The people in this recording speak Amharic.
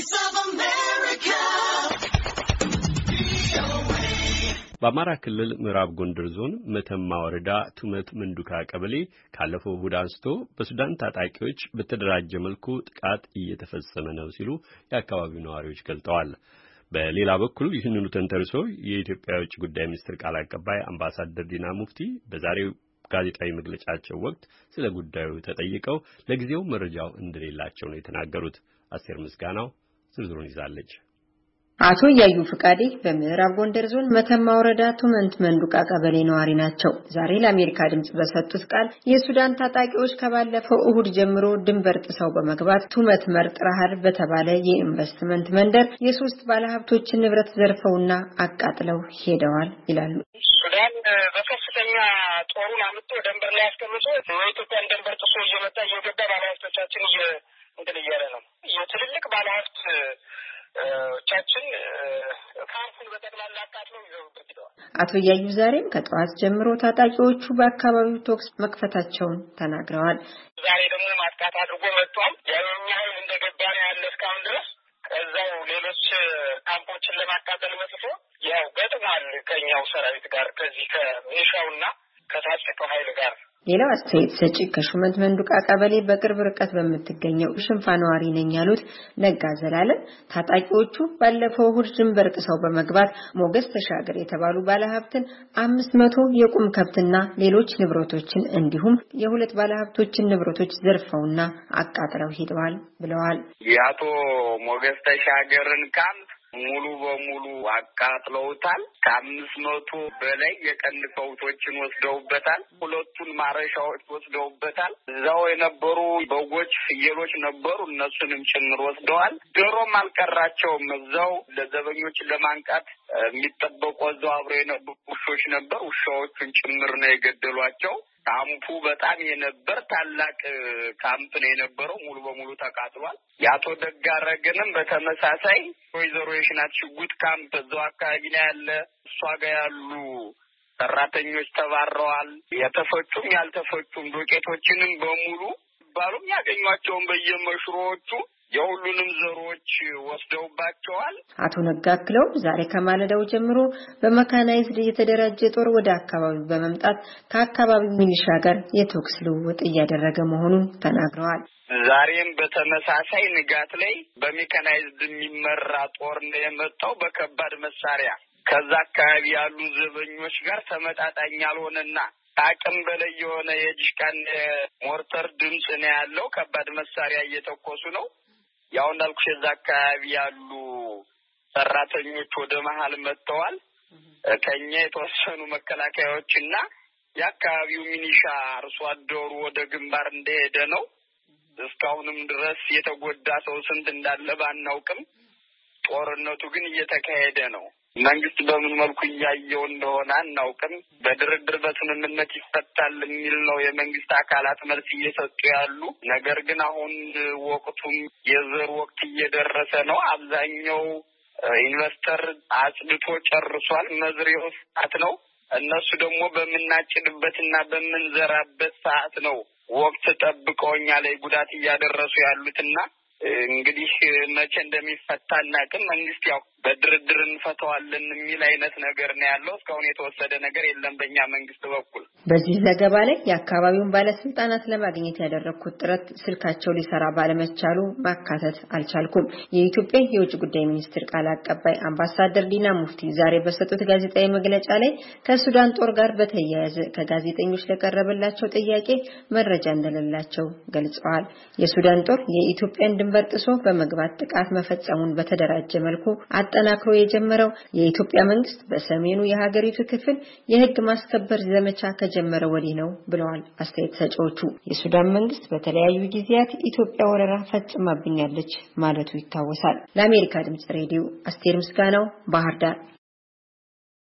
Voice of America. በአማራ ክልል ምዕራብ ጎንደር ዞን መተማ ወረዳ ቱመት መንዱካ ቀበሌ ካለፈው እሁድ አንስቶ በሱዳን ታጣቂዎች በተደራጀ መልኩ ጥቃት እየተፈጸመ ነው ሲሉ የአካባቢው ነዋሪዎች ገልጠዋል። በሌላ በኩል ይህንኑ ተንተርሶ የኢትዮጵያ የውጭ ጉዳይ ሚኒስትር ቃል አቀባይ አምባሳደር ዲና ሙፍቲ በዛሬው ጋዜጣዊ መግለጫቸው ወቅት ስለ ጉዳዩ ተጠይቀው ለጊዜው መረጃው እንደሌላቸው ነው የተናገሩት። አስቴር ምስጋናው ዝርዝሩን ይዛለች። አቶ እያዩ ፍቃዴ በምዕራብ ጎንደር ዞን መተማ ወረዳ ቱመንት መንዱቃ ቀበሌ ነዋሪ ናቸው። ዛሬ ለአሜሪካ ድምጽ በሰጡት ቃል የሱዳን ታጣቂዎች ከባለፈው እሁድ ጀምሮ ድንበር ጥሰው በመግባት ቱመት መርጥ በተባለ የኢንቨስትመንት መንደር የሶስት ባለሀብቶችን ንብረት ዘርፈውና አቃጥለው ሄደዋል ይላሉ። በከፍተኛ ጦሩን አምጥቶ ደንበር ላይ አስቀምጦ የኢትዮጵያን ደንበር ጥሶ እየመጣ እየገባ ባለሀብቶቻችን እንትን እያለ ነው። የትልልቅ ባለሀብት ቻችን ካምፑን በጠቅላላ አቃጥለው ይዘውበት አቶ እያዩ ዛሬም ከጠዋት ጀምሮ ታጣቂዎቹ በአካባቢው ቶክስ መክፈታቸውን ተናግረዋል። ዛሬ ደግሞ ማጥቃት አድርጎ መጥቷል። ያው እንደገባ ነው ያለ እስካሁን ድረስ እዛው ሌሎች ካምፖችን ለማቃጠል መስሎ ያው ገጥሟል ከኛው ሰራዊት ጋር ከዚህ ከሚሻውና ከታጠቀው ኃይል ጋር። ሌላው አስተያየት ሰጪ ከሹመት መንዱቃ ቀበሌ በቅርብ ርቀት በምትገኘው ሽንፋ ነዋሪ ነኝ ያሉት ነጋ ዘላለም ታጣቂዎቹ ባለፈው እሁድ ድንበር ጥሰው በመግባት ሞገስ ተሻገር የተባሉ ባለሀብትን አምስት መቶ የቁም ከብትና ሌሎች ንብረቶችን እንዲሁም የሁለት ባለሀብቶችን ንብረቶች ዘርፈውና አቃጥለው ሄደዋል ብለዋል። የአቶ ሞገስ ተሻገርን ካምፕ ሙሉ በሙሉ አቃጥለውታል። ከአምስት መቶ በላይ የቀን ከብቶችን ወስደውበታል። ሁለቱን ማረሻዎች ወስደውበታል። እዛው የነበሩ በጎች፣ ፍየሎች ነበሩ። እነሱንም ጭምር ወስደዋል። ዶሮም አልቀራቸውም። እዛው ለዘበኞች ለማንቃት የሚጠበቁ እዛው አብረው የነበሩ ውሾች ነበር። ውሻዎቹን ጭምር ነው የገደሏቸው። ካምፑ በጣም የነበር ታላቅ ካምፕ ነው የነበረው። ሙሉ በሙሉ ተቃጥሏል። የአቶ ደጋረገንም በተመሳሳይ ወይዘሮ የሽናት ሽጉጥ ካምፕ እዛው አካባቢ ላይ ያለ እሷ ጋር ያሉ ሰራተኞች ተባረዋል። የተፈጩም ያልተፈጩም ዶቄቶችንም በሙሉ ባሉም ያገኟቸውን በየመሽሮዎቹ የሁሉንም ዘሮች ወስደውባቸዋል። አቶ ነጋ አክለው ዛሬ ከማለዳው ጀምሮ በመካናይዝድ የተደራጀ ጦር ወደ አካባቢው በመምጣት ከአካባቢው ሚሊሻ ጋር የተኩስ ልውውጥ እያደረገ መሆኑን ተናግረዋል። ዛሬም በተመሳሳይ ንጋት ላይ በሜካናይዝድ የሚመራ ጦር ነው የመጣው በከባድ መሳሪያ ከዛ አካባቢ ያሉ ዘበኞች ጋር ተመጣጣኝ ያልሆነና አቅም በላይ የሆነ የዲሽቃና ሞርተር ድምፅ ነው ያለው። ከባድ መሳሪያ እየተኮሱ ነው። ያው እንዳልኩሽ እዛ አካባቢ ያሉ ሰራተኞች ወደ መሀል መጥተዋል። ከኛ የተወሰኑ መከላከያዎች እና የአካባቢው ሚኒሻ አርሶ አደሩ ወደ ግንባር እንደሄደ ነው። እስካሁንም ድረስ የተጎዳ ሰው ስንት እንዳለ ባናውቅም ጦርነቱ ግን እየተካሄደ ነው። መንግስት በምን መልኩ እያየው እንደሆነ አናውቅም። በድርድር በስምምነት ይፈታል የሚል ነው የመንግስት አካላት መልስ እየሰጡ ያሉ። ነገር ግን አሁን ወቅቱም የዘር ወቅት እየደረሰ ነው። አብዛኛው ኢንቨስተር አጽድቶ ጨርሷል። መዝሪያው ሰዓት ነው። እነሱ ደግሞ በምናጭድበትና በምንዘራበት ሰዓት ነው ወቅት ጠብቀውኛ ላይ ጉዳት እያደረሱ ያሉትና እንግዲህ መቼ እንደሚፈታ አናውቅም። መንግስት ያው በድርድር እንፈተዋለን የሚል አይነት ነገር ነው ያለው። እስካሁን የተወሰደ ነገር የለም በእኛ መንግስት በኩል በዚህ ዘገባ ላይ የአካባቢውን ባለስልጣናት ለማግኘት ያደረግኩት ጥረት ስልካቸው ሊሰራ ባለመቻሉ ማካተት አልቻልኩም። የኢትዮጵያ የውጭ ጉዳይ ሚኒስትር ቃል አቀባይ አምባሳደር ዲና ሙፍቲ ዛሬ በሰጡት ጋዜጣዊ መግለጫ ላይ ከሱዳን ጦር ጋር በተያያዘ ከጋዜጠኞች ለቀረበላቸው ጥያቄ መረጃ እንደሌላቸው ገልጸዋል። የሱዳን ጦር የኢትዮጵያን ድንበር ጥሶ በመግባት ጥቃት መፈጸሙን በተደራጀ መልኩ አጠናክሮ የጀመረው የኢትዮጵያ መንግስት በሰሜኑ የሀገሪቱ ክፍል የህግ ማስከበር ዘመቻ ከተጀመረ ወዲህ ነው ብለዋል አስተያየት ሰጪዎቹ። የሱዳን መንግስት በተለያዩ ጊዜያት ኢትዮጵያ ወረራ ፈጽማብኛለች ማለቱ ይታወሳል። ለአሜሪካ ድምጽ ሬዲዮ አስቴር ምስጋናው ባህር ዳር